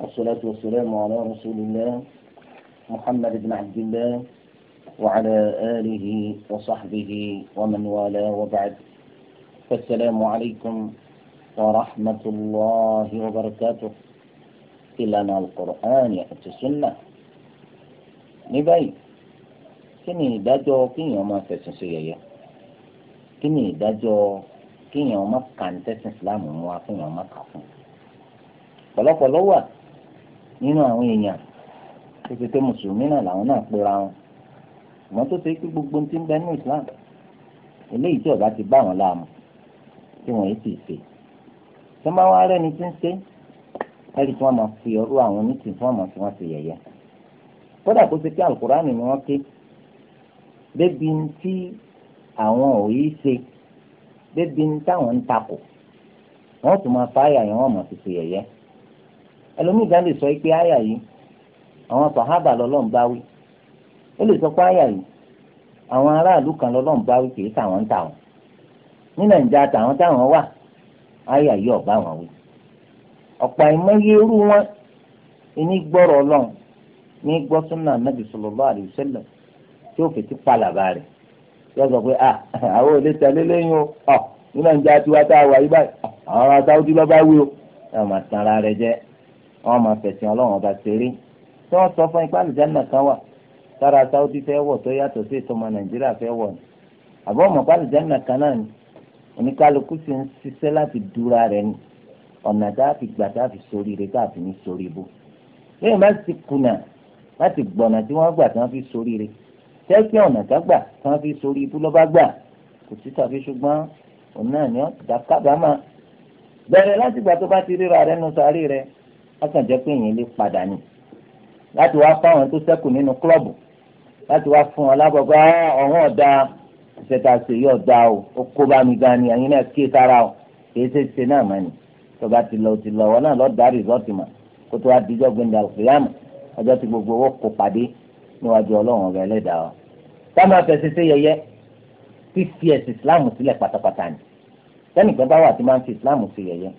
والصلاة والسلام على رسول الله محمد بن عبد الله وعلى آله وصحبه ومن والاه وبعد فالسلام عليكم ورحمة الله وبركاته إلى القرآن يأتي السنة نبي كني دجو كني وما fẹ̀sùn sí yẹ̀yẹ́ kíni ìdájọ́ kíyàn máa kà ń tẹ̀sìn islam mú wa nínú àwọn èèyàn tó ti pé mùsùlùmí náà làwọn náà pera wọn ṣùgbọ́n tó ṣe pé gbogbo ti ń bẹ ní Islam eléyìí tí ọba ti bá wọn láàmú tí wọn yìí sì ṣe tó máa wá rẹ́ni tí ń ṣe ẹ̀rí tí wọ́n máa fi ọrú àwọn onítìí tí wọ́n máa fi wọ́n ṣe yẹ̀yẹ́ kódà kó ṣe pé alukurani ni wọ́n ké débi tí àwọn ò yí ṣe débi táwọn ń takò wọ́n tún máa fáyà yẹn wọ́n máa fi ṣe yẹ̀yẹ́ ẹlòmíì gan lè sọ pé àyà yìí àwọn sàhábà lọ́lọ́run bá wí ó lè sọ pé àyà yìí àwọn aráàlú kan lọ́lọ́run bá wí kìí tàwọn ń ní nàìjíríà tàwọn táwọn wà àyà yìí ọ̀bá wọn wí ọ̀pọ̀ àìmọye irú wọn gbọ́rọ̀ ọlọ́run ní gbọ́ tí ó palàbà rẹ̀ sọ pé ah, àwọn ò lè tẹ̀lé lẹ́yìn o ní nàìjíríà a wà yí báyìí àwọn ará sáwọ́dí lọ́ba wí o ẹ̀ máa tan ara rẹ̀ jẹ́ wọ́n máa fẹ̀sìn ọlọ́run ọba ṣeré tí wọ́n sọ fún ipá àlùjáná kan wà tára sáúdí fẹ́ wọ̀ tó yàtọ̀ sí ètò ọmọ nàìjíríà fẹ́ wọ̀ ni àbọ̀ ọmọ ipá àlùjáná kan náà ni oníkálukú sì ń ṣiṣẹ́ láti dúra rẹ̀ ni ọ̀nà tá a fi gbà tá a fi sórí rẹ̀ tá a fi ní sórí bó lẹ́yìn bá ti kùnà láti gbọ̀nà tí wọ́n gbà tí wọ́n fi sórí rẹ̀ tẹ́kí ọ̀nà tá gbà tí wọ́n fi sórí ibú lọ́ba gbà kò sí tàbí ṣùgbọ́n òun náà ni ọ́ dàkábàámà bẹ̀rẹ̀ láti gbà tó bá ti ríra rẹ̀ nù sáré rẹ̀ ọkàn jẹ́ pé èèyàn lè padà ní láti wá fáwọn tó sẹ́kù nínú klọ́ọ̀bù láti wá fún ọ lábọ̀gbá ah, ọ̀hún ọ̀dà ìṣẹ̀tà ṣèyí ọ̀dà o ó kó bá mi gan ni ẹ̀yin náà kí é sára o kìí ṣe ṣe náà mọ̀ ni tọba ti lọ ti lọ ọ náà lọ́ọ́ darí rọ́ọ̀tì mà kó tó wá díjọ́ gbẹ̀ndà òkèèyàmù ọjọ́ tí gbogbo owó kò pàdé níwájú ọlọ́run ọ̀rẹ́ ẹlẹ́dàá táwọn afẹ́sẹ̀ ṣe yẹyẹ fífi ẹ̀sìn ìsìláàmù sílẹ̀ pátápátá ni sẹ́nìkan bá wà tí máa ń fi ìsìláàmù ṣe yẹyẹ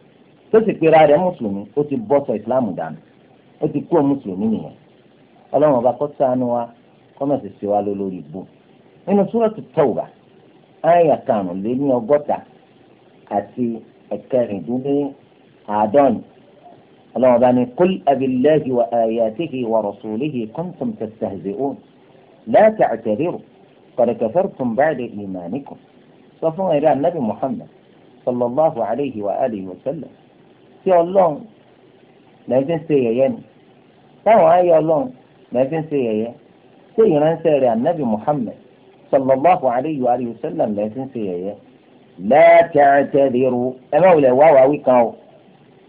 tó sì pera rẹ̀ mùsùlùmí ó ti bọ́sọ̀ ìsìláàmù dànù ó ti kú mùsùlùmí nìyẹn ọlọ́run ọba kọ́ ṣàánú wa kọ́mẹ̀sì sí wa lórí ìbò nínú súrọ̀tù tọ́wà áyà karùn-ún lé ní ọgọ́ta àti ẹ̀kẹrìndínlẹ́ àádọ́ni ọlọ́run ọba ní kúl abillahi wa ayatihi wa rasulihi kuntum tastahzi'un la ta'tadiru qad kafartum ba'da imanikum sí ọlọ́run lẹ́ẹ̀fi ń ṣe yẹ̀yẹ́ ni táwọn ayé ọlọ́run lẹ́ẹ̀fi ń ṣe yẹ̀yẹ́ ṣé ìránṣẹ́ rẹ̀ anabi muhammed sallallahu alayhi wa sallam lẹ́ẹ̀fi ń ṣe yẹ̀yẹ́ lẹ́ẹ̀kẹ́rẹ́tẹ́ rírú ẹ má wulẹ̀ wá wàwí kan o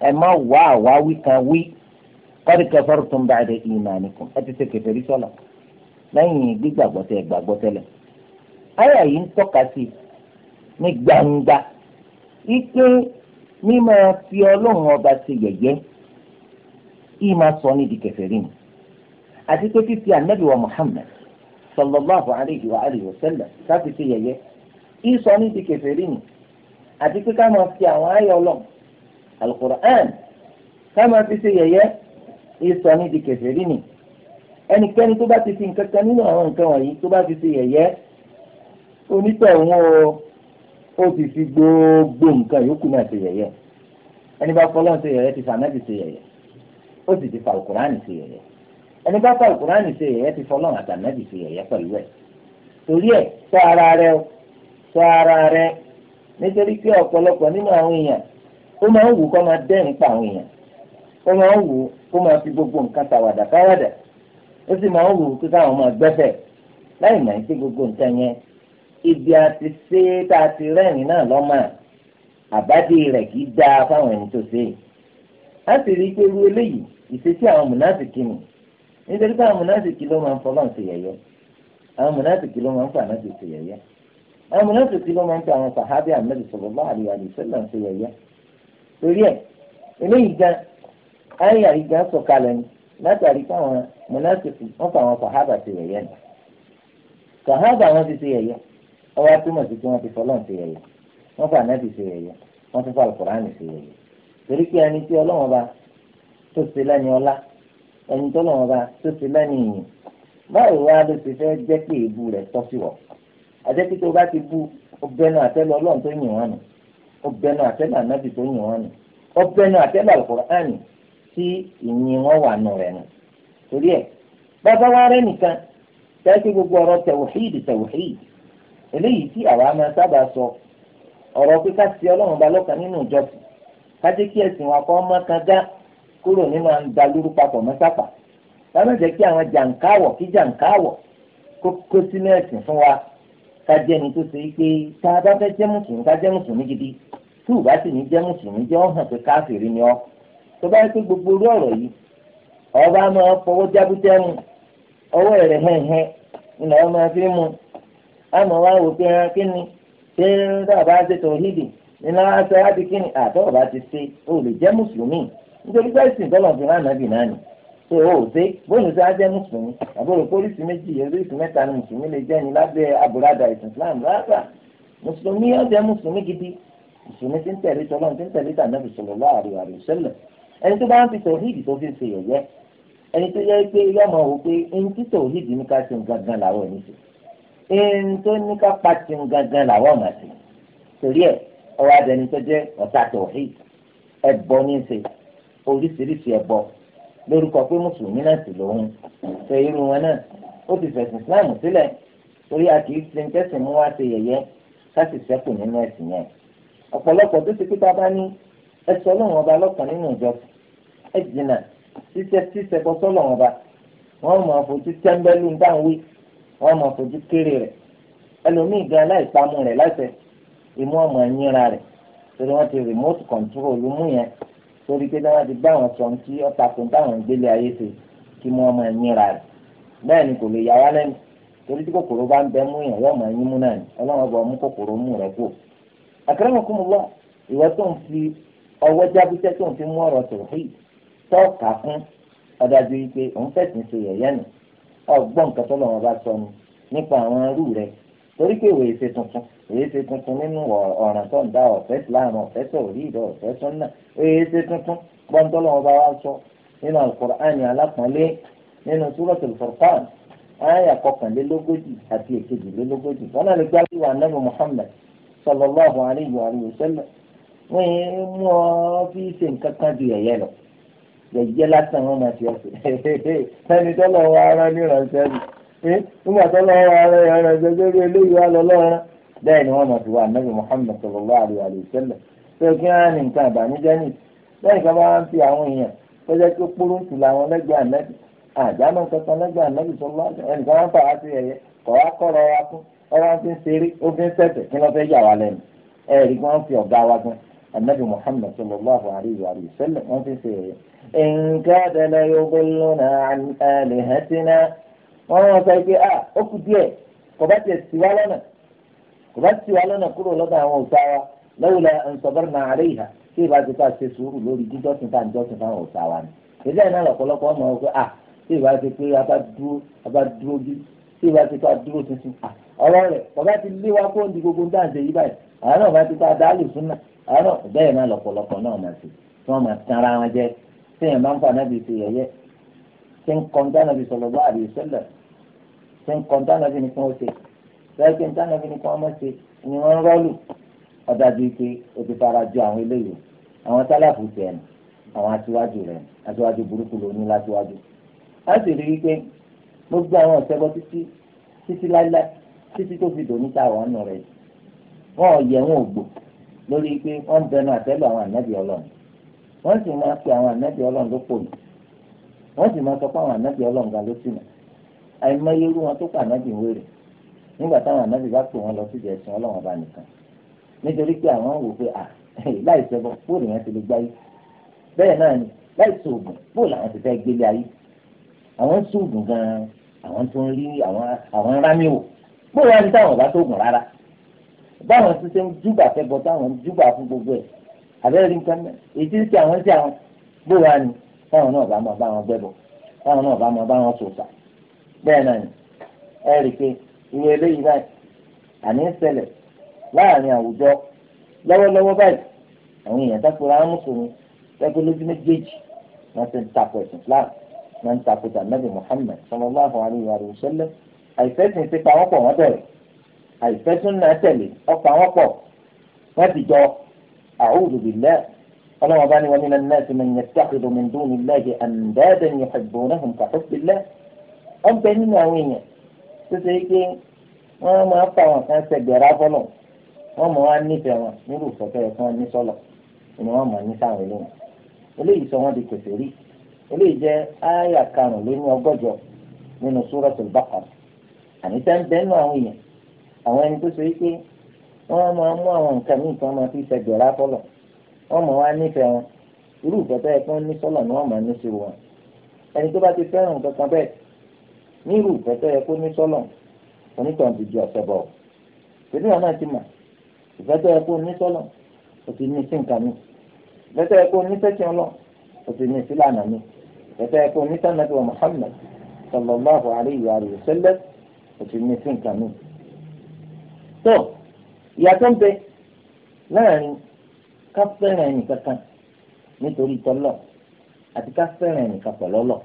ẹ má wá wàwí kan wí qad kafartum ba'da imanikum ẹ ti ṣe kèfèrí sọ́la lẹ́yìn gbígbàgbọ́tẹ̀ gbàgbọ́tẹ̀lẹ̀ mímọ fi ọlọ́run ọba ṣe yẹ̀yẹ́ yìí máa sọ ní di kèfèrí ni àti pé fífi ànábì wa Muhammad sallallahu alayhi wa alihi wa sallam káfi ṣe yẹ̀yẹ́ yìí sọ ní di kèfèrí ni àti pé ká máa fi àwọn ayọ̀ ọlọ́run alukur'an ká máa fi ṣe yẹ̀yẹ́ yìí sọ ní di kèfèrí ni ẹnikẹ́ni tó bá ti fi nǹkan kan nínú àwọn nǹkan wọ̀nyí tó bá ti ṣe yẹ̀yẹ́ onítọ̀ òun o ó fi fi gbogbo nǹkan yòókù náà ṣe yẹ̀yẹ́ ẹni bá fọlọ́n ṣe yẹ̀yẹ́ ti fa anábì ṣe yẹ̀yẹ́ ó sì ti fa alukurani ṣe yẹ̀yẹ́ ẹni bá fa alukurani ṣe yẹ̀yẹ́ ti fọlọ́n àtànábì ṣe yẹ̀yẹ́ pẹ̀lú ẹ̀ torí ẹ̀ ṣọ́ ara rẹ o ṣọ́ ara rẹ nítorí pé ọ̀pọ̀lọpọ̀ nínú àwọn èèyàn ó máa ń wù kó máa dẹ́rìn pa àwọn èèyàn ó máa ń wù kó máa fi gbogbo nǹkan tàwàdà káwàdà ó sì máa ń wù kó káwọn máa gbẹ́fẹ̀ láì mọ̀ ní pé gbogbo nǹkan yẹn ibi àti ṣe tá a ti rẹ́rìn náà lọ́mọ àbádé rẹ̀ kì í dáa fáwọn ẹni tó ṣe é a sì rí i pé irú eléyìí ìṣesí àwọn mùnásìkì nù nítorí pé àwọn mùnásìkì ló máa ń fọlọ́n ṣe yẹ̀yẹ́ àwọn mùnásìkì ló máa ń fà náà ṣe yẹ̀yẹ́ àwọn mùnásìkì ló máa ń fà àwọn sàhábì àmẹ́lì sọ̀rọ̀ bá àríwá ní sẹ́lẹ̀ ṣe yẹ̀yẹ́ torí ẹ̀ eléyìí gan ayé àríga sọ̀kalẹ̀ ni látàrí pé àwọn mùnásìkì wọ́n fà àwọn sàhábà ṣe yẹ̀yẹ́ sàhábà wọn ti ṣe yẹ̀yẹ́ ọwọ́ túmọ̀ sí kí wọ́n ti fọlọ́n ṣe yẹ̀yẹ́ wọ́n fà nábì ṣe yẹ̀yẹ́ wọ́n tún fà alukur'an ṣe yẹ̀yẹ́ torí pé ẹni tí ọlọ́wọ́n bá tó ṣe lẹ́ni ọlá ẹni tó lọ́wọ́n bá tó ṣe lẹ́ni ìyìn báwo wá ló ti fẹ́ jẹ́ pé èébú rẹ̀ tọ́ sí wọ̀ àjẹ́ pé tó bá ti bú ọbẹ̀nu àtẹ́lẹ̀ ọlọ́run tó yìn wọ́n nù ọbẹ̀nu àtẹ́lẹ̀ ànábì tó yìn wọ́n nù ọbẹ̀nu àtẹ́lẹ̀ alukur'an tí ìyìn wọn wà nù rẹ̀ nù torí ẹ̀ bàbá wa rẹ̀ nìkan tẹ́tí gbogbo ọ̀rọ̀ tẹ̀wọ̀hídì tẹ̀wọ̀hídì eléyìí tí àwa máa sábà sọ ọ̀rọ̀ pé ká sí ọlọ́run ba lọ́kàn nínú ìjọsìn ká jẹ́ kí ẹ̀sìn wa kọ́ mọ́ kan da kúrò nínú àǹdà lóru papọ̀ mọ́sápà ká má jẹ́ kí àwọn jàǹkáwọ̀ kí jàǹkáwọ̀ kó kó sínú ẹ̀sìn fún wa ká jẹ́ ẹni tó ṣe pé tá a bá fẹ́ jẹ́ mùsùlùmí ká jẹ́ mùsùlùmí gidi tí ò bá sì ní jẹ́ mùsùlùmí jẹ́ ọ̀hàn pé ni ọ́ tó bá gbogbo orí ọ̀rọ̀ yìí ọba máa fọwọ́ ọwọ́ rẹ̀ hẹ́hẹ́ ni máa fi mu àmọ́ wá wò pé ẹran ah, kí ni ṣé dábàá á ṣe tòhídì nínú aṣọ láti kí ni àtọ́wọ̀ bá ti ṣe o lè jẹ́ mùsùlùmí nítorí pẹ́sìn tọ́lọ̀ fi hàn nábì náà nì tó o ṣe bóyá ṣe á jẹ́ mùsùlùmí àbúrò pólísì méjì oríṣi mẹ́ta ni mùsùlùmí lè jẹ́ ni lábẹ́ àbúradà ìsìn Islam rárá mùsùlùmí ó jẹ́ mùsùlùmí gidi mùsùlùmí ti ń tẹ̀lé tọ́lọ́ ti ń tẹ̀lé tànàbì sallallahu alaihi wasallam ẹni tó bá ń fi tòhídì tó fi ń ṣe yẹ̀yẹ́ ẹni tó yẹ pé yọmọ wò pé ẹni tí tòhídì ní ká ṣe gangan làwọn ò ní ṣe ẹni tó ní ká pati gangan làwọn ọmọ sí torí ẹ ọwọ́ adẹni tó jẹ́ ọ̀tá tòhí ẹbọ ní í ṣe oríṣiríṣi ẹbọ lórúkọ pé mùsùlùmí náà sì lòun ṣe irú wọn náà ó ti fẹ̀sìn islam sílẹ̀ torí a kì í ṣe ń tẹ̀sìn mú wá ṣe yẹ̀yẹ́ ká sì ṣẹ́kù nínú ẹ̀sìn yẹn ọ̀pọ̀lọpọ̀ tó ti pé bá bá ní ẹsọ lọ́wọ́n ọba lọ́kàn nínú ìjọsìn ẹ jìnnà ṣíṣe ṣíṣe bọ́ sọ́lọ́wọ́n ọba wọ́n mọ̀ fojú tẹ́ńbẹ́lú ń dáhùn wọ́n mọ̀ fojú kéré rẹ̀ ẹlòmíì gan aláìpamú rẹ̀ láṣẹ ìmú ọmọ ẹ̀yìnra rẹ̀ torí wọ́n ti remote control mú yẹn torí pé dáwọn ti bá àwọn sọ̀n tí ọ̀tà kò dáwọn gbélé ayé ṣe kí mú ọmọ ẹ̀yìnra rẹ̀ bẹ́ẹ̀ ni kò lè yà wá lẹ́nu torí tí kòkòrò bá ń bẹ mú yẹn yọ̀ọ̀mọ̀ ẹ̀yìn mú náà ni ọlọ́run ọba mú kòkòrò mú rẹ̀ kú. akramakumullah ìwọ tó ń fi ọwọ́ jábútẹ́ tó ń fi mú ọ̀rọ̀ tòun fún yìí tọ́ọ̀kà fún ọgbọ́n nǹkan tó lọ́wọ́ bá sọ ni nípa àwọn arú rẹ torí pé òwe ṣe tuntun òwe ṣe tuntun nínú ọ̀ràn tó ń dá ọ̀fẹ́ láàrin ọ̀fẹ́ sọ̀rí ìdọ̀ ọ̀fẹ́ sọ́nà òwe ṣe tuntun gbọ́ntọ́ lọ́wọ́ bá wá sọ nínú alukur'ani alápọ̀nlé nínú suratul furqan ayà kọkànlélógójì àti èkejìlélógójì wọn náà lè gbá wíwà nabi muhammed sallallahu alayhi wa sallam wọn yẹn mú ọ fi ṣe nǹkan kan di ẹ̀yẹ lọ yẹ̀yẹ́ lásán wọn máa fi ọ̀sẹ̀ ẹni tó lọ wọ ara ní ìrànṣẹ́ ni nígbà tó lọ wọ ara ìrànṣẹ́ lórí eléyìí wà lọ́lọ́run bẹ́ẹ̀ ni wọ́n máa fi wà nábì Muhammad sallallahu alaihi wasallam tó kí wọ́n á ní nǹkan ìbànújẹ́ nì lẹ́yìn kan bá wá ń fi àwọn èèyàn tó jẹ́ pé kúrúǹtù làwọn lẹ́gbẹ̀ẹ́ ànábì àjálù kankan lẹ́gbẹ̀ẹ́ ànábì sallallahu ẹnì kan wá ń sí ẹ̀yẹ kọ̀ wá kọ́rọ̀ wa fún ọ̀rọ̀ fi ń ṣeré ó fi ń ṣẹ̀tẹ̀ kí wọ́n fẹ́ yà wá lẹ́nu ẹ̀rí kí wọ́n fi ọ̀gá wa gan النبي محمد صلى الله عليه وآله وسلم وفي إن كاد لا ليضلنا عن آلهتنا وما سيكي آه أكدي قبات يستوى لنا قبات يستوى لنا كل لدى وساوى لولا أن صبرنا عليها في بعض كاس سور لوري جدوس كان جدوس كان وساوى إذا أنا لقول لك وما هو آه في بعض كي أبدو أبدو في بعض كي أبدو تسمع الله قبات اللي واقون دي قبون دان زي بعض àwọn náà bá ti ta dáàlù súnà àwọn náà bẹ́ẹ̀ náà lọ́pọ̀lọpọ̀ náà máa ṣe tí wọ́n máa tan ara wọn jẹ tí èèyàn bá ń fa nábì ṣe yẹ̀yẹ́ tí ń kọ́ dánábì sọ̀rọ̀ bá àbí sẹ́lẹ̀ tí ń kọ́ dánábì ní kí wọ́n ṣe lẹ́yìn dánábì ní kí wọ́n má ṣe ni wọ́n rọ́ọ̀lù ọ̀dàbí pé o ti fara jọ àwọn eléyìí àwọn tálàfù tiẹ̀ nù àwọn aṣíwájú rẹ̀ aṣíwájú burúkú ló ní láṣíwájú á sì rí i pé gbogbo àwọn ọ̀sẹ̀ bọ́ títí títí láíláí títí tó fi dòní ta àwọn ọ̀nà rẹ̀ yìí wọn ò yẹ wọn ò lórí pé wọ́n bẹnu àtẹ́lù àwọn ànábì ọlọ́run wọ́n sì máa pe àwọn ànábì ọlọ́run ló pòlù wọ́n sì máa sọ pé àwọn ànábì ló wọn tó pa ànábì wéré nígbà táwọn ànábì bá wọn lọ sí ìjẹsìn ọlọ́run ọba nìkan nítorí pé àwọn wò pé à láì yẹn ti lè gbáyé náà ni láì àwọn ti gbélé ayé àwọn sóògùn gan àwọn tó ń báwọn ti ṣe ń júbà fẹ́ bọ́ táwọn ń júbà fún gbogbo ẹ̀ àbẹ́rẹ́ nǹkan mẹ́ èyí tí àwọn tí àwọn bó wa ni báwọn náà bá máa bá wọn gbẹ́bọ̀ báwọn náà bá máa bá wọn sòsà bẹ́ẹ̀ náà ni ẹ rí i pé ìwé eléyìí báyìí àní ń ṣẹlẹ̀ láàrin àwùjọ lọ́wọ́lọ́wọ́ báyìí àwọn èèyàn tó kura mùsùlùmí lẹ́gbẹ́ lójú méjèèjì wọ́n ti ń takò ẹ̀sìn Muhammad sallallahu alayhi wa sallam àìsẹ́sìn ti pa wọ́n pọ̀ wọ́n àìfẹ́ súnà tẹ̀lé ọ̀pọ̀ àwọn pọ̀ wọ́n ti jọ a'udhu billah ọlọ́wọ́n bá ní wa minan nasi man yattakhidhu min dunillahi andadan yuhibbunahum ka hubbillah wọ́n bẹ nínú àwọn èèyàn tó ṣe é pé wọ́n máa fa àwọn kan ṣẹgbẹ̀rẹ́ afọ́lọ̀ wọ́n mọ̀ wá nífẹ̀ẹ́ wọn nírú ìfọ̀tẹ́ ẹ̀fọn ní sọ́lọ̀ ni wọ́n mọ̀ ní sáwọn eléyìí eléyìí sọ wọ́n di kèfèrí eléyìí jẹ́ ááyà karùn-ún nínú Suratul Baqara àníṣẹ́ ń bẹ́ẹ̀ nínú àwọn èèyàn àwọn ẹni tó ṣe é pé wọ́n máa mú àwọn nǹkan míì kan máa fi ṣẹgbẹ̀rá fọlọ̀ wọ́n mọ̀ wá nífẹ̀ẹ́ wọn irú ìfẹ́tọ́ ẹ̀ fún ní sọ́lọ̀ ni wọ́n máa ní sí wọn ẹni tó bá ti fẹ́ràn nǹkan kan bẹ́ẹ̀ ní irú ìfẹ́tọ́ ẹ̀ fún ní sọ́lọ̀ onítàn ti ju ọ̀sẹ̀ bọ̀ tèmi wọn náà ti mà ìfẹ́tọ́ ẹ̀ fún ní sọ́lọ̀ o ti ní sí nǹkan mi ìfẹ́tọ́ ẹ̀ fún ní sẹ́tì ọlọ́ o ti ní sílànà mi ìfẹ́tọ́ ẹ̀ fún ní sànàbí wa Muhammad sallallahu alayhi wa sallam o ti ní sí nǹkan mi tó ìyàtọ̀ ń bẹ láàrin ká fẹ́ràn ẹnìkankan nítorí tọ́lọ̀ àti ká fẹ́ràn ẹnìkan pẹ̀lọ́lọ̀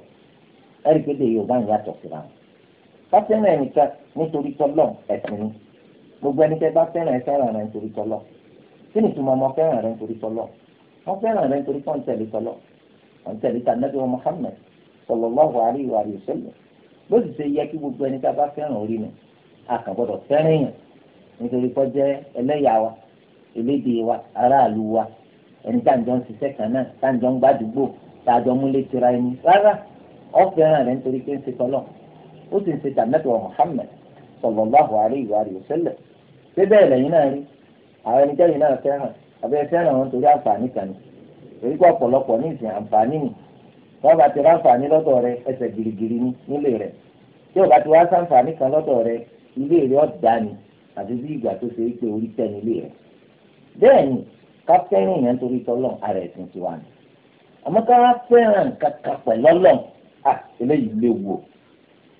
ẹ̀ríkẹ́dẹ̀ yorùbá ń yàtọ̀ síra wọn ká fẹ́ràn ẹnìkan nítorí tọ́lọ̀ ẹ̀sìn ni gbogbo ẹni tẹ́ bá fẹ́ràn ẹ fẹ́ràn rẹ nítorí tọ́lọ̀ kí ni ìtumọ̀ ọmọ fẹ́ràn rẹ nítorí tọ́lọ̀ wọ́n fẹ́ràn rẹ nítorí pọ́n tẹ̀lé tọ́lọ̀ wọ́n tẹ̀lé ta nàbí wa Muhammad sallallahu alaihi wa sallam bó sì ṣe yẹ kí gbogbo ẹni tẹ́ bá fẹ́ràn orí mi a kàn gbọ́dọ̀ fẹ́ràn èèyàn nítorí kọ́ jẹ́ ẹlẹ́yà wa elédè wa aráàlú wa ẹni táǹjọ́ ń ṣiṣẹ́ kan náà táǹjọ́ ń gbàdúgbò táàjọ múlé tira ẹni rárá ọ̀fẹ́ràn rẹ̀ nítorí pé ń ṣe tọ́lọ̀ ó sì ń ṣe tàmẹ́tò Muhammad sallallahu alaihi wa sallam ṣé bẹ́ẹ̀ lẹ́yìn náà rí àwọn ẹni tẹ́yìn náà fẹ́ràn àbẹ́ fẹ́ràn wọn torí àǹfààní kan ni èyí kọ́ ọ̀pọ̀lọpọ̀ ní ìsìn àǹfààní nì wọ́n bá ti rá àǹfààní lọ́dọ̀ rẹ ẹsẹ̀ gìrìgìrì nílé rẹ̀ tí ò bá ti wá sáǹfààní kan lọ́dọ̀ rẹ ilé rẹ̀ ọ̀dà ni àti bí ìgbà tó ṣe é orí tẹ́ni lé rẹ̀ bẹ́ẹ̀ ni ká fẹ́ràn yẹn torí tọ́lọ́n ara ẹ̀sìn tiwa ni àmọ́ ká fẹ́ràn kankan pẹ̀lọ́lọ́n à eléyìí léwu o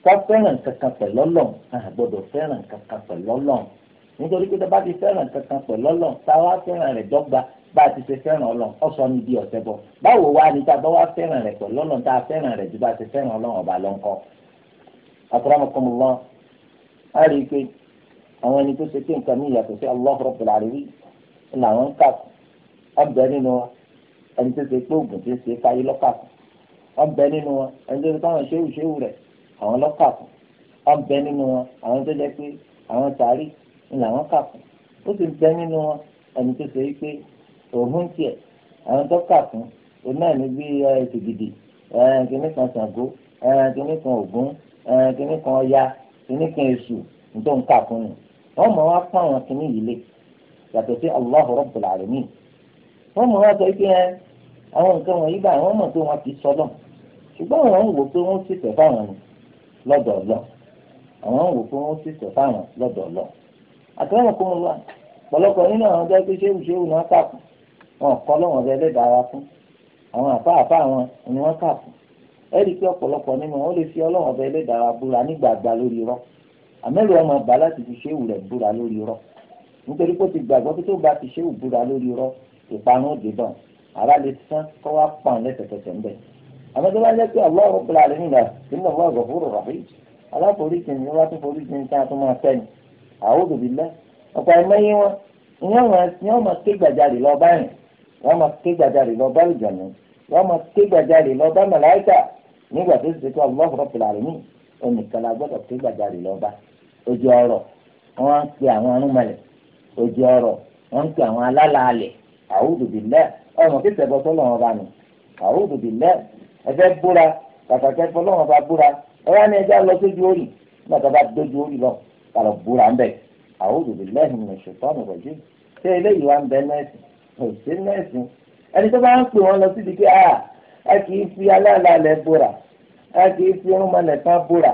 ká fẹ́ràn kankan pẹ̀lọ́lọ́n à gbọ́dọ̀ fẹ́ràn kankan pẹ̀lọ́lọ́n nítorí pé bá ti fẹ́ràn kankan pẹ̀lọ́lọ́n tá a wá fẹ́ràn rẹ̀ dọ́gba bá a ti ṣe fẹ́ràn ọlọ́n ọ̀sán ni bí ọ̀sẹ̀ bọ̀ báwo wá ni tá a bá wá fẹ́ràn rẹ̀ pẹ̀lọ́lọ́n tá a fẹ́ràn rẹ̀ ju bá a ti fẹ́ràn ọlọ́n ọ̀bà lọ́nkọ́ àkúrámọ̀kọ́mọ́ wọn á rí i pé àwọn ẹni tó ṣe pé nǹkan mi yàtọ̀ sí Allah Rabbil Alamin làwọn ń kà kù ọbẹ̀ nínú wọn ẹni tó ṣe pé oògùn tó ṣe fáyé lọ́kà kù ọbẹ̀ nínú wọn ẹni tó ṣe pé àwọn ṣéwù ṣéwù rẹ̀ àwọn lọ́kà kù ọbẹ̀ nínú wọn àwọn tó jẹ́ pé àwọn sàárì làwọn kà kù ó sì bẹ nínú wọn ẹni tó ṣe pé òun tiẹ̀ àwọn tó kà kù òun ní bí ṣìgìdì kìnnì kan Ṣàngó kìnnì wọ́n mọ̀ wá fún àwọn ile yìí lé yàtọ̀ sí Allahu Rabbul Alamin wọ́n mọ̀ wá sọ pé ẹ àwọn nǹkan wọ̀nyí báyìí ti sọ ṣùgbọ́n àwọn ń wò pé wọ́n tẹ̀ fáwọn lọ́dọ̀ lọ àwọn ń wò pé wọ́n tẹ̀ fáwọn lọ́dọ̀ lọ àtẹ̀wọ̀n kó mo pọ̀lọpọ̀ nínú àwọn ọjọ́ pé ṣéwù ṣéwù wọn kọ́ lọ́wọ́n ọ̀dẹ ẹlẹ́dàá fún àwọn wọn àmẹ́rù ọmọ bá láti fi ṣéwù rẹ̀ búra lórí irọ́ nítorí pé ó ti gbàgbọ́ pé tó bá ti ṣéwù búra lórí irọ́ ìparun òde bọ̀ ara lè sán kọ́ wá pọ̀n lẹ́sẹ̀kẹsẹ̀ ń bẹ̀. àmọ́ tó bá jẹ́ pé Allahu Rabbul Alamin ìlú ọ̀gbọ́n Ghafurur Rahim aláforíjì ni wọ́n tún foríjì ní sáà tó máa fẹ́ ni A'udhu billah ọ̀pọ̀ ẹ̀mẹ́yẹ wọn ni wọ́n máa ké gbàjarè lọ bá rìn wọ́n máa ké gbàjarè lọ bá ìjànà wọ́n máa ké gbàjarè lọ bá màláìkà nígbà tó ti ṣe tó Allahu Rabbul Alamin ònìkan la gbọ́dọ̀ ké gbàjarè lọ bá. ojú ọrọ wọ́n ń pe àwọn eji ojú ọ̀rọ̀ nke ń pe àwọn alálàálẹ̀ àwùjọ ọmọ kí sẹ̀bọ̀ tọ́lọ̀ wọn bá nù búra bá búra lọ sójú orí náà orí lọ búra ń ṣé eléyìí ń bẹ ẹni tó bá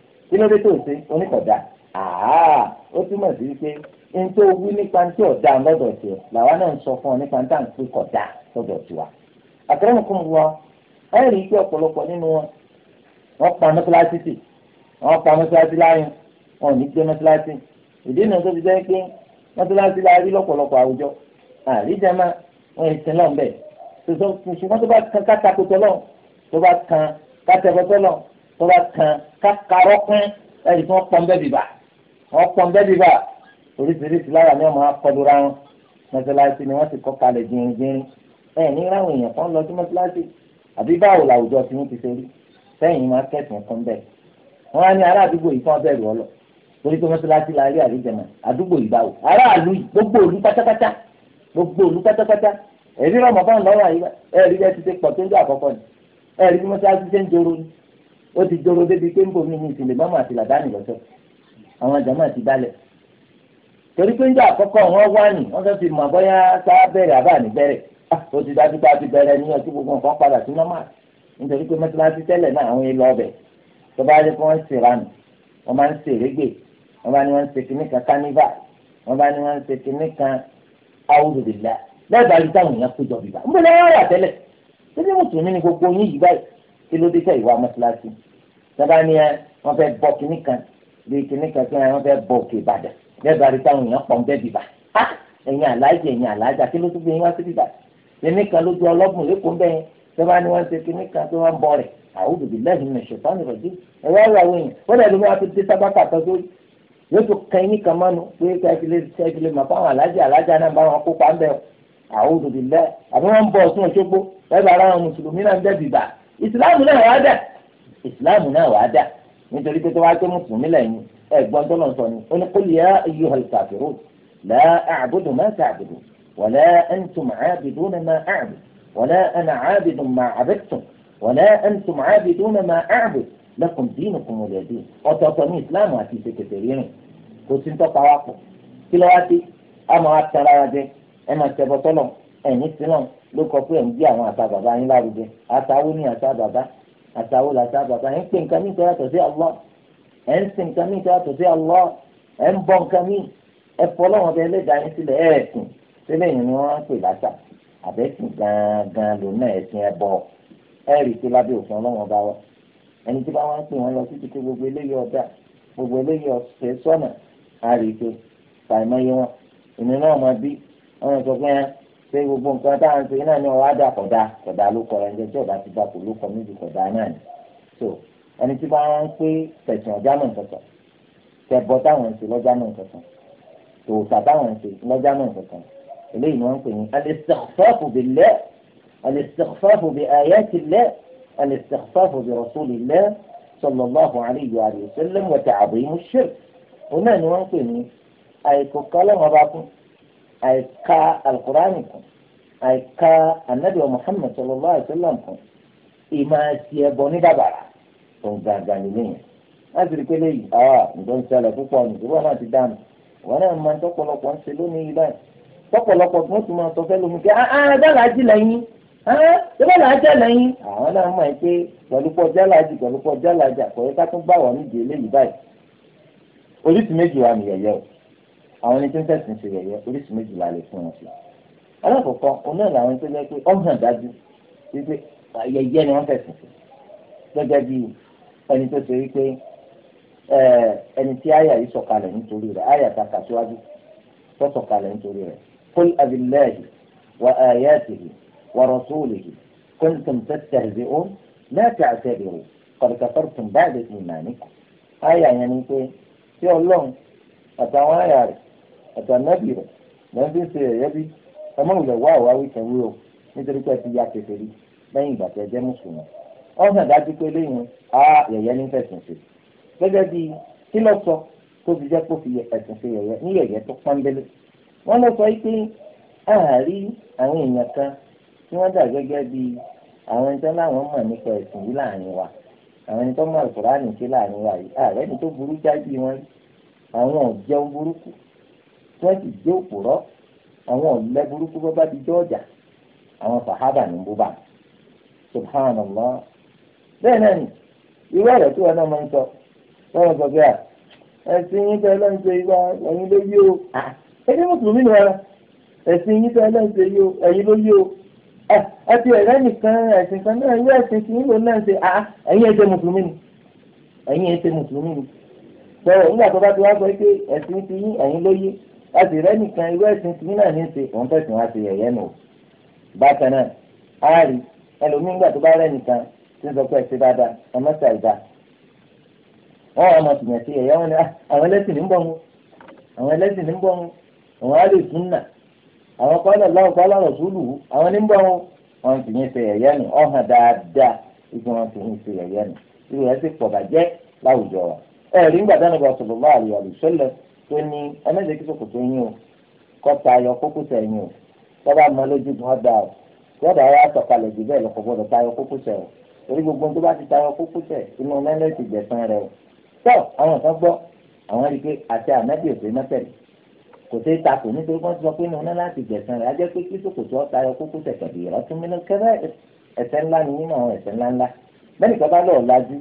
kí ló dé tó ṣe oníkọ̀dá ó túmọ̀ sí wípé n tó wí nípa tí ọ̀dà lọ́dọ̀ tiẹ̀ làwa náà ń sọ fún ọ nípa tá à ń pè kọ̀dá lọ́dọ̀ tiwa. àtẹ̀rẹ́mùkún wa ẹ rí i pé ọ̀pọ̀lọpọ̀ nínú wọn wọ́n pa mọ́sálásí tì wọ́n pa mọ́sálásí láyún wọn ò ní gbé mọ́sálásí ìdí ìnà tó fi jẹ́ pé mọ́sálásí la rí lọ́pọ̀lọpọ̀ àwùjọ àríjàmá wọn ìsìn lọ́nbẹ̀ ṣùgbọ́n tó bá kan kátàkùtọ̀ lọ́n tó bá kan kátàkùtọ̀ lọ́n tó bá kan kákarọ́ pín ẹni tí wọ́n pọ́n bẹ́ẹ̀ bìbà wọ́n pọ́n bẹ́ẹ̀ bìbà oríṣiríṣi lára ni wọ́n máa kọlu ra wọn mọ́sálásí ni wọ́n ti kọ́ kalẹ̀ jìnrìnjìnrìn ẹ̀ ní ráwọn èèyàn kan lọ sí mọ́sálásí àbí báwo làwùjọ tí wọ́n ti ṣe rí sẹ́yìn máa kẹ́sìn kan bẹ́ẹ̀ wọ́n á ní ará àdúgbò yìí kan bẹ́ẹ̀ lọ́lọ́ torí pé mọ́sálásí la rí àríjẹmọ̀ àdúgbò yìí báwo aráàlú gbogbo òlu pátápátá gbogbo òlu pátápátá ẹ̀rí rọ̀mọ̀fọ́n lọ́wọ́ àyíká ẹ̀rí bẹ́ẹ̀ ti ó ti jọrọ débi pé ń bò mí ní ìsìnlẹ̀ mọ́mọ́ àti làdáni lọ́sọ̀ àwọn jàmá ti dálẹ̀ torí pé ń jẹ́ àkọ́kọ́ wọn wá nì wọ́n fẹ́ fi mọ̀ bóyá sáà bẹ̀rẹ̀ àbá ní bẹ̀rẹ̀ ah, ó ti dájú pé a ti bẹ̀rẹ̀ ní ọtí gbogbo nǹkan padà sí nọ́mà nítorí pé mẹ́tíláṣí tẹ́lẹ̀ náà àwọn ilé ọbẹ̀ tó bá dé pé wọ́n ń ṣe ránù wọ́n máa ń ṣe régbè wọ́n bá ní wọ́n ń ṣe kinní kan kánífà wọ́n bá ní wọ́n ń ṣe kinní kan áwùrùdìlá lẹ́ẹ̀bà rí táwọn èèyàn péjọ bìbá ń bẹ̀rẹ̀ wọ́n rà tẹ́lẹ̀ tẹ́lẹ̀ mùsùlùmí ni gbogbo yín yìí báyìí kí ló dé tẹ ìwà mọ́sálásí sábà ní ẹ wọ́n fẹ́ bọ́ kínní kan bíi kínní kan kí wọ́n fẹ́ bọ́ òkè ìbàdàn bẹ́ẹ̀ bá rí táwọn èèyàn pọ̀ ń bẹ́ẹ̀ bìbà á ẹ̀yin àlàájì ẹ̀yin àlàájà kí ló tún gbé yín wá sí bìbà kínní kan lójú ọlọ́gbọ̀n lẹ́kọ̀ọ́ bẹ́ẹ̀ sábà ní wọ́n ṣe kínní kan tó wọ́n bọ̀ rẹ̀ àwùjọ bíi lẹ́yìn ní ṣètọ́ ní rọ̀jú ẹ̀rọ àwọn èèyàn ó dẹ̀ lómi wá tó dé sábàkà tó sórí yóò tó kàn yín kan mọ́nu pé kẹ́kẹ́lẹ́ mọ̀ fáwọn àlàájá àlàájá náà bá wọn kópa ń bẹ̀ àwùjọ bíi lẹ́ àbí wọ́n ń bọ̀ ọ̀tún òṣogbo ẹ̀ bá ara wọn mùsùlùmí náà ń dẹ̀ ìsìláàmù náà wàá dà ìsìláàmù náà wàá dà nítorí pé tó wáá pé mùsùlùmí lẹ́yìn ẹ̀gbọ́n tó lọ́n sọ ni ó ní qul ya ayyuhal kafirun la a'budu ma ta'budun wa la antum 'abiduna ma a'budu wa la ana 'abidun ma 'abadtum wa la antum 'abiduna ma a'budu lakum dinukum waliya din ọ̀tọ̀ọ̀tọ̀ ní ìsìláàmù àti ìṣèkètè rírìn kò sí ń tọ́pa wá pọ̀ kí lọ́wọ́ á ti á máa tẹ́ra wa jẹ ẹ máa tẹ́ bọ́tọ́lọ̀ ẹ̀yìn sílọ̀ ló kọ pé ẹ̀ ń bí àwọn àṣà bàbá yín lárugẹ àṣàwó ní àṣà bàbá àṣàwó làṣà bàbá yín pé nǹkan mìíràn yàtọ̀ sí Allah ẹ̀ ń sin nǹkan mìíràn yàtọ̀ sí Allah ẹ̀ ń bọ nǹkan mìíràn ẹ̀ fọlọ́wọ́n bẹ ẹlẹ́dàá yín sílẹ̀ ẹ̀ ẹ̀sìn sílẹ̀ yìí ni wọ́n ń pè láṣà àbẹ́sìn gan-an lòun náà ẹ̀sìn ẹ̀bọ ẹ̀ rí pé lábẹ́ òfin ọlọ́wọ́n bá wọ ẹni tí bá pè wọn lọ títí gbogbo eléyìí ọ̀dà gbogbo eléyìí ọ̀sẹ̀ sọ́nà á rí pé wọn ìnú náà bí wọn sọ pé ṣé gbogbo nǹkan tá à ń ṣe náà ni ọ̀rọ̀ àdá kọ̀dá kọ̀dá ló kọ ẹni tí ọ̀dà ti bá kò ló kọ méjì kọ̀dá náà ni so ẹni tí bá ń pé tẹ̀sán ọjà náà kankan tẹ̀bọ táwọn ń ṣe lọ́jà náà kankan tòòtà táwọn ń ṣe lọ́jà náà kankan eléyìí ni wọ́n ń pè ní al àìka alukurani kan àìka anabiwa mohamed sallallahu alayhi wa i ma ìmọ̀ àti ẹ̀bọ ní dàbàrà tó ń gàgà nìyẹn láti yi. pélé yìí ah púpọ̀ nìjọba ti dànù wọn náà máa ń tọ́pọ̀lọpọ̀ ń ṣe lónìí yìí báyìí tọ́pọ̀lọpọ̀ tí àwọn ẹni tó ń tẹ̀sìn ṣe yẹ̀yẹ́ oríṣi méjì la lè fún wọn sí. alákọ̀ọ́kọ́ oná ni àwọn ẹni tó jẹ́ pé ó hàn dájú wípé yẹ̀yẹ́ ni wọ́n tẹ̀sìn sí gẹ́gẹ́ bí ẹni tó ṣe wípé ẹni tí àyà yìí sọ̀kalẹ̀ nítorí rẹ̀ àyà takà síwájú tó sọ̀kalẹ̀ nítorí rẹ̀ kul abillahi wa ayatihi wa rasulihi kuntum àtànábì nabi, lọ́n fi ń ṣe ẹ̀yẹ́ bí ẹ má wulẹ̀ wá àwáwí kan wúrò nítorí pé ẹ ti ya kèfèrí lẹ́yìn ìgbà tẹ́ jẹ́ mùsùlùmí ó hàn dájú pé lẹ́yìn á yẹ̀yẹ́ ní fẹ̀sùn ṣe gẹ́gẹ́ bí kí lọ sọ tó fi jẹ́ kó fi ẹ̀sùn ṣe yẹ̀yẹ́ ní yẹ̀yẹ́ tó pọ́nbélé wọ́n lọ sọ pé àárí àwọn èèyàn kan tí wọ́n dà gẹ́gẹ́ bí àwọn ẹni tó láwọn mọ̀ nípa ẹ̀sùn yìí láàrin wa àwọn ẹni tó mọ̀ àlùkùránì kí láàrin wa yìí ààrẹ ni tó burú jáde wọn àwọn ò jẹun burúkú wọ́n sì jẹ́ òpòrọ́ àwọn ọ̀lẹ́ burúkú bó bá di jọ́ọ̀jà àwọn sàhábà ní bó bá subhanallah bẹ́ẹ̀ náà ni irú ọ̀rọ̀ tí wọn náà máa ń sọ lọ́wọ́ sọ pé ah, ẹ̀sìn yín tẹ́ lọ́n ṣe ìwà ẹ̀yin ló yí o ah, ẹni mùsùlùmí ni wọn ẹ̀sìn yín tẹ́ lọ́n ṣe ẹ̀yin ló yí o àti ah, ẹ̀rẹ́ nìkan ẹ̀sìn kan náà irú ẹ̀sìn tí yín ló náà ṣe ẹ̀yin ẹ̀ṣẹ̀ mùsùlùmí ni ẹ̀yin ẹ̀ṣẹ̀ mùsùlùmí ni sọ̀rọ̀ nígbà tó bá ti wá sọ pé ẹ̀sìn tí yín ẹ̀yin ló yí a sì rẹ́ nìkan irú ẹ̀sìn tí náà ní ṣe òun fẹ̀sùn wá sí ẹ̀yẹ́ nù. bákan náà a rí ẹlòmíín gbà tó bá rẹ́ nìkan tí ń sọ pé ẹ̀sìn dáadáa ọmọ sí àìdá. tìyàn sí wọn ni ah, àwọn ẹlẹ́sìn ní ń bọ̀ mu àwọn ẹlẹ́sìn ní ń bọ̀ àwọn á lè nà àwọn kọ́lá kọ́lá àwọn ní ń wọn tìyàn sí nù dáadáa wọn tó ní ẹlẹ́dẹ̀ẹ́ kí sòkòtò yín o kọ́ta ayọ̀ kókósẹ̀ yín o tọ́ba mọ lójú gan da o gbọ́dọ̀ ayọ̀ àtọ̀kalẹ̀ jù bẹ́ẹ̀ lọ́kọ̀ gbọ́dọ̀ tayọ kókósẹ̀ o torí gbogbo tó bá ti tayọ kókósẹ̀ inú mẹ́lẹ́ ti gbẹ̀sán rẹ o tọ́ àwọn kan gbọ́ àwọn rí i pé àti ànábì òfé mẹ́tẹ̀lẹ̀ kò tẹ́ ta kò nítorí wọ́n ti sọ pé nínú láti gbẹ̀sán rẹ ajẹ́ pé kí sòkòtò ọ̀tayọ kókósẹ̀ pẹ̀lú ìrọ́tún mi kẹ́rẹ́ ẹ̀ṣẹ̀ ńlá ni nínú àwọn ẹ̀ṣẹ̀ ńláńlá bẹ́ẹ̀ ni kọ́ bá lọ́ọ̀ lajú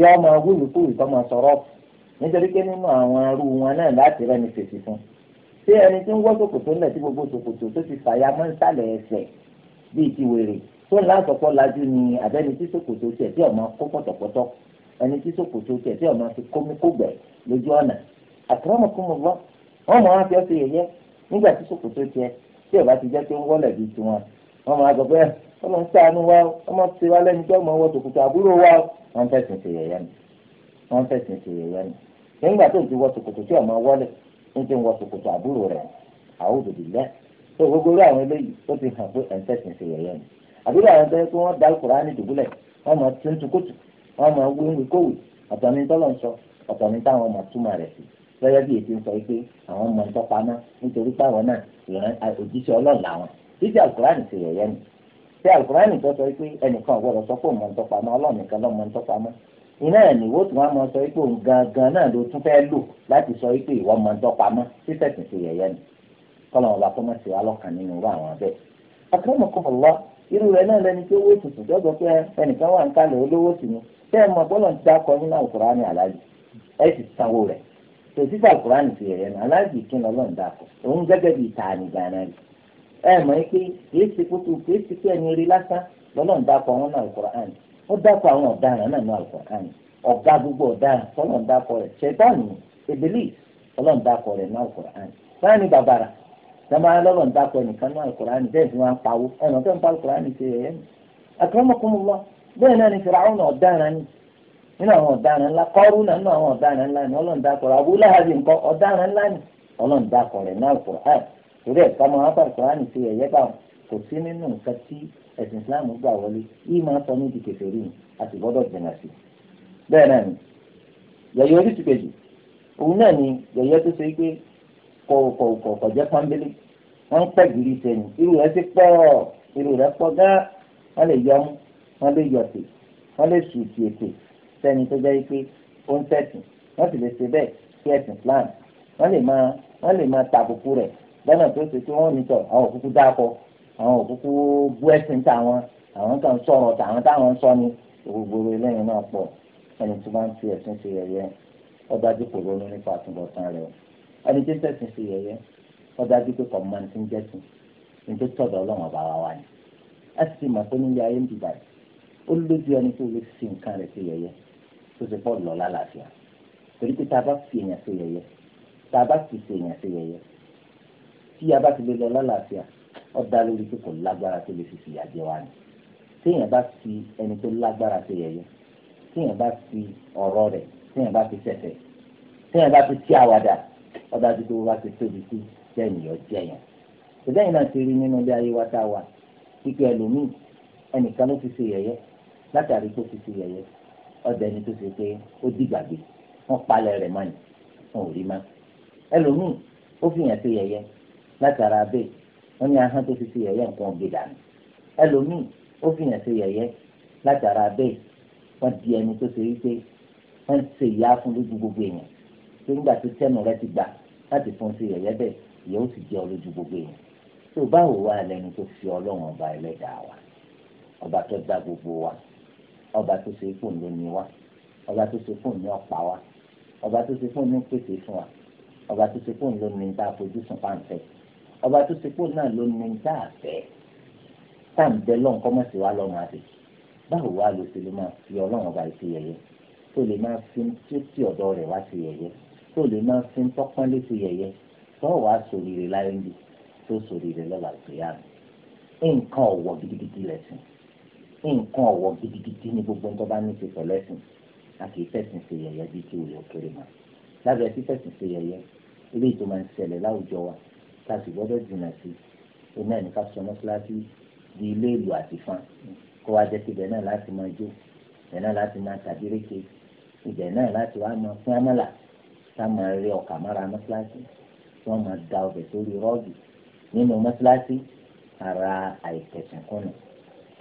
yọ ọmọ wíwì kúwì kọ́ máa sọ̀rọ̀ ọ̀pọ̀ nítorí pé nínú àwọn arú wọn náà láti rẹ́ni fèsì fún ṣé ẹni tí ń wọ́ ṣòkòtò ńlẹ̀ tí gbogbo ṣòkòtò tó ti fàyà mọ́ nsàlẹ̀ ẹsẹ̀ bíi ti wèrè tó ń láǹsọ̀kọ́ lajú ni àbẹ́ni tí ṣòkòtò tiẹ̀ tí ọmọ kó pọ̀tọ̀pọ̀tọ̀ ẹni tí ṣòkòtò tiẹ̀ tí ọmọ fi kómikógbẹ̀ lójú ọ̀nà àtúrọ̀mọ̀kúnmọ̀gbọ́ wọ́n mọ̀ wọ́n fi ọ́ sí yẹ̀yẹ́ nígbà tí ṣòkòtò tiẹ̀ tí ọba ti jẹ́ pé ń wọ́lẹ̀ bíi tiwọn wọ́n máa gbọ́ bẹ́ẹ̀ ọmọ ń sàánú wa wọ́n fẹ̀sìn ṣe yẹ̀yẹ́ ni nígbà tó ti wọ ṣòkòtò tí ọmọ wọlé ń ti wọ ṣòkòtò àbúrò rẹ̀ àwòdò dìlẹ́ tó gbogbo orí àwọn eléyìí ó ti hàn pé ẹ̀ ń fẹ̀sìn ṣe yẹ̀yẹ́ ni àbúrò àwọn tó yẹ kí wọ́n da Kùránì dùbúlẹ̀ wọ́n máa tún tukùtù wọ́n máa wí wí kówì ọ̀tọ̀ ni tọ́lọ̀ ń sọ ọ̀tọ̀ ni táwọn máa túmọ̀ rẹ̀ sí lọ́yẹ́ bí èsì ń sọ pé àwọn máa ń tọ́pa náà nítorí páwọn náà ìran òjíṣẹ́ Ọlọ́run làwọn títí Al-Kùránì ti yẹ̀yẹ́ ni tí Al-Kùránì tó sọ pé ẹnìkan ò gbọ́dọ̀ sọ pé òun máa ń tọ́pa náà Ọlọ́run nìkan ló máa ń tọ́pa náà iná ẹ̀mí wo tún wá máa sọ pé òun gangan náà ló tún fẹ́ lò láti sọ pé ìwọ máa ń dọ́pamọ́ sísẹ̀sìn ṣe yẹ̀yẹ́ ni kọ́lọ̀ wọn bá kọ́ máa ṣe wá lọ́kàn nínú irú àwọn abẹ́. irú rẹ náà lẹni tó wó tutù dọ́gbọ́ pé ẹnìkan wà ń kalẹ̀ olówó sí ni tẹ́ ẹ mọ bọ́lọ̀ ti dákọ nínú àwòkúránì aláàjì ẹ sì sanwó rẹ̀ ó dákọ̀ àwọn ọ̀daràn náà ní àlùkòrán ọ̀gá gbogbo ọ̀daràn tọ́lọ̀ ń dákọ̀ rẹ̀ ṣẹ̀dánù ìbílí ọlọ́run dákọ̀ rẹ̀ ní àlùkòrán báyìí ní bàbàrà sọ́mọ́ ọlọ́run dákọ̀ nìkan ní àlùkòrán bẹ́ẹ̀ ni wọ́n pawó ọ̀nà tó ń pa àlùkòrán ṣe ẹ̀yẹ́ ni akramakumullah bẹ́ẹ̀ náà ni fìràwọn ọ̀daràn ni nínú àwọn ọ̀daràn ńlá kọ́rú náà nínú àwọn ní kò sí nínú nǹkan tí ẹ̀sìn islam gbà wọlé yìí máa sọ ní ìdìkẹ̀fẹ̀ rí a sì gbọ́dọ̀ jìnnà sí i. bẹ́ẹ̀ náà ni yẹ̀yẹ́ oríṣi kejì òun náà ni yẹ̀yẹ́ tó ṣe pé kọ̀ọ̀kọ̀ọ̀kọ̀ jẹ́ pọ́nbélé wọ́n ń pẹ́ gírí sẹ́yìn irú rẹ̀ ti pọ̀ irú rẹ̀ pọ̀ gáà wọ́n lè yọmú wọ́n lè yọ̀tẹ̀ wọ́n lè sùtì ètè sẹ́ni tó jẹ́ pé ó ń tẹ̀sìn wọ́n sì lè ṣe bẹ́ẹ̀ sí ẹ̀sìn islam wọ́n lè máa wọ́n lè máa tàbùkù rẹ̀ lọ́nà tó ṣe pé wọ́n ní tọ̀ àwọn òkúkú dáa kọ àwọn òkúkú bú ẹ̀sìn táwọn àwọn kan sọ̀rọ̀ táwọn táwọn sọ ni gbogbo eléyìí náà pọ̀ ẹni tó bá ń fi ẹ̀sìn ṣe yẹ̀yẹ́ ọba dípò lónìí nípa àtúbọ̀tán rẹ̀ ẹni tó ṣẹ̀sìn ṣe yẹ̀yẹ́ ọba dípò kọ̀ máa ń ti ń jẹ́sìn ní tó tọ̀dọ̀ ọlọ́run ọba wa wà ní. ẹ sì mọ̀ pé níbi ayé ń bìbà yìí ó lójú ẹni tó lè fi nǹkan rẹ̀ ṣe yẹ̀yẹ́ tó ṣe pọ̀ lọ lálàáfíà torí pé tá a bá fi èèyàn ṣe yẹ̀yẹ́ tá a bá ó dá lórí pé kò lágbára tó lè fi fìyà jẹ wá ni téèyàn bá fi ẹni tó lágbára ṣe yẹ̀yẹ́ téèyàn bá fi ọ̀rọ̀ rẹ̀ téèyàn bá fi ṣẹ̀fẹ̀ téèyàn bá fi tí àwàdà ó dájú pé wọ́n bá ti tóbi sí jẹ́nìyàn jẹ́yàn ṣùgbọ́n ìnáà ti rí nínú ilé ayé wa tá a wà kíkẹ́ ẹlòmíì ẹnìkan ló fi ṣe yẹ̀yẹ́ látàrí tó fi ṣe yẹ̀yẹ́ ọdẹ ni tó ṣe pé ó dìgbàgbé wọn palẹ̀ rẹ̀ mọ́ ni wọn ò mọ́ ẹlòmíì ó fi yàn ṣe yẹ̀yẹ́ látara bẹ́ẹ̀ wọ́n ní ahọ́n tó fi ṣe yẹ̀yẹ́ nǹkan ọ̀gbìn dànù ẹlòmíì ó fìyàn ṣe yẹ̀yẹ́ látara bẹ́ẹ̀ wọ́n di ẹni tó ṣe wípé wọ́n ṣe ìyá fún lójú gbogbo èèyàn tó nígbà tó tẹ́nu rẹ ti gbà láti fún ṣe yẹ̀yẹ́ bẹ́ẹ̀ ìyẹ́ ó sì jẹ́ ọ lójú gbogbo èèyàn tó báwo wá lẹni tó fi ọlọ́run ọba ẹlẹ́dàá wa ọba tó dá gbogbo wa ọba tó ṣe fún ló wa ọba tó ṣe fún ní ọ̀pá wa ọba tó ṣe fún ní pèsè fún wa ọba tó ṣe fún ló tá a fojú sùn pàǹtẹ́ẹ̀ ọba tó ti pò náà ló ní tá a fẹ́ tá à ń bẹ lọ́n kọ́ mọ̀sí wa lọ́rùn àti báwo wá ló ti lè máa fi ọlọ́run ọba ìfi yẹ̀yẹ́ tó lè máa fi tí ó ti ọ̀dọ̀ rẹ̀ wá sí yẹ̀yẹ́ tó lè máa fi tọ́pọ́n lé sí yẹ̀yẹ́ tó wà á sòrìrè láyé ń bì tó sòrìrè lọ́la ìpìyà mi nǹkan ọ̀wọ̀ gidigidi lẹ̀sìn nǹkan ọ̀wọ̀ gidigidi ní gbogbo ń tọ́ba ní ti pẹ̀lẹ́sìn a kì í fẹ̀sìn ṣe yẹ̀yẹ́ bíi ti òye òkèrè mọ́ lábẹ́ fífẹ̀sìn ṣe yẹ̀yẹ́ ilé ìtò máa ń ṣẹlẹ̀ láwùjọ wa tá a sì gbọ́dọ̀ jìnnà sí i iná ní ká sọ mọ́ṣáláṣí di ilé ìlú àti fan kó wá jẹ́ síbẹ̀ náà láti máa jó ibẹ̀ náà láti máa tàbíréke ibẹ̀ náà láti wá máa fún amọ́là ká máa rí ọkà mára mọ́ṣáláṣí tí wọ́n máa da ọbẹ̀ sórí rọ́ọ̀gì nínú mọ́ṣáláṣí ara àìkẹsànkùnà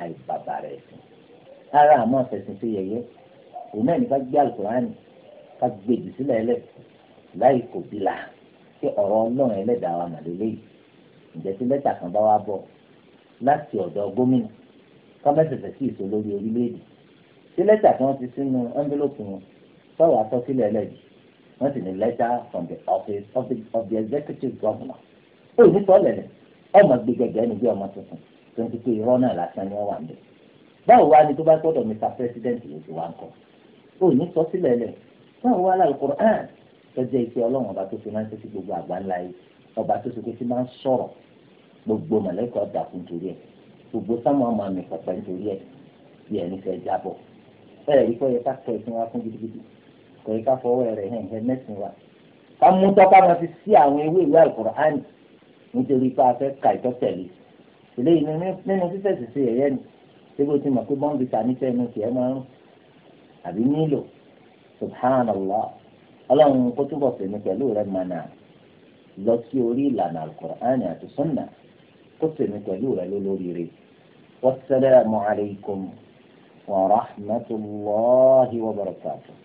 àìbàbàrà ẹ̀sìn ara àmọ́ àfẹsìn sí yẹyẹ òun náà ká gbé àlùkò ránì ká gbèjì sílẹ̀ ẹlẹ́ láì kò bí la. pé ọ̀rọ̀ ọlọ́run ẹlẹ́dàá wa màlélẹ́ yìí ǹjẹ́ tí lẹ́tà kan bá wá bọ̀ láti ọ̀dọ̀ gómìnà kọ́mẹ́sẹ̀sẹ̀ sí ìṣó lórí orílẹ̀-èdè tí lẹ́tà kan ti sínú ẹ́ńbílòpù wọn sọ̀rọ̀ àtọ́sílẹ̀ ẹlẹ́dì wọ́n sì ní lẹ́tà from the office of the, executive governor ó ní sọ́ọ̀lẹ̀ rẹ̀ ọmọ gbé ẹni bí ọmọ tuntun tó ń ti irọ́ náà lásán ni wọ́n wà báwo wá ni tó bá gbọ́dọ̀ tọ́jú ìfẹ́ ọlọ́run ọba tó fi ránṣẹ́ sí gbogbo àgbáńlá yìí ọba tó fi pé tí máa ń sọ̀rọ̀ gbogbo mọ̀lẹ́kọ̀ ọ̀dà fún torí ẹ̀ gbogbo sáwọn ọmọ mi pẹ̀pẹ́ nítorí ẹ̀ bí ẹni fẹ́ jábọ̀ bẹ́ẹ̀ rí kọ́yẹ ká kọ ìsìn wa fún gidigidi kọ́yẹ ká fọwọ́ rẹ̀ hẹ̀ hẹ̀ mẹ́sìn wa ká mú tọ́ka máa fi sí àwọn ewé ìwé àlùkùránì nítorí pé a fẹ́ ka ìtọ́tẹ̀lé ọlọ́run kó túbọ̀ fèmí pẹ̀lú rẹ mọ̀nà lọ sí orí ìlànà alukur'ani àti sunna kó fèmí pẹ̀lú rẹ lólóríire wassalamu alaykum wa rahmatullahi wa barakatuh.